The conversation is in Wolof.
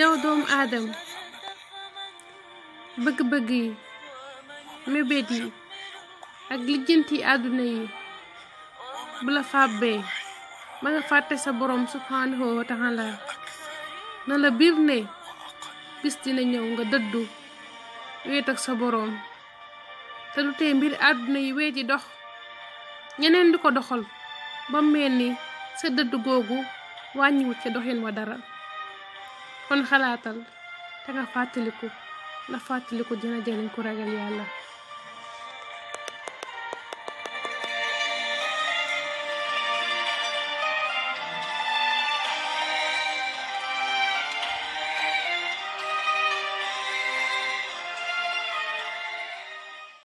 yow doomu aadama bëgg-bëgg yi mébét yi ak lijjant àdduna yi bu la fàbbee ba nga fàtte sa borom subhanahu wa taala na la biir ne bis dina ñëw nga dëddu weet sa borom te du mbir àdduna yi weet yi dox ñeneen di ko doxal ba mel ni sa dëdd googu wàññiwut ca doxin wa dara kon xalaatal te nga fàttaliku ndax fàttaliku dina jëriñ ku ragal yàlla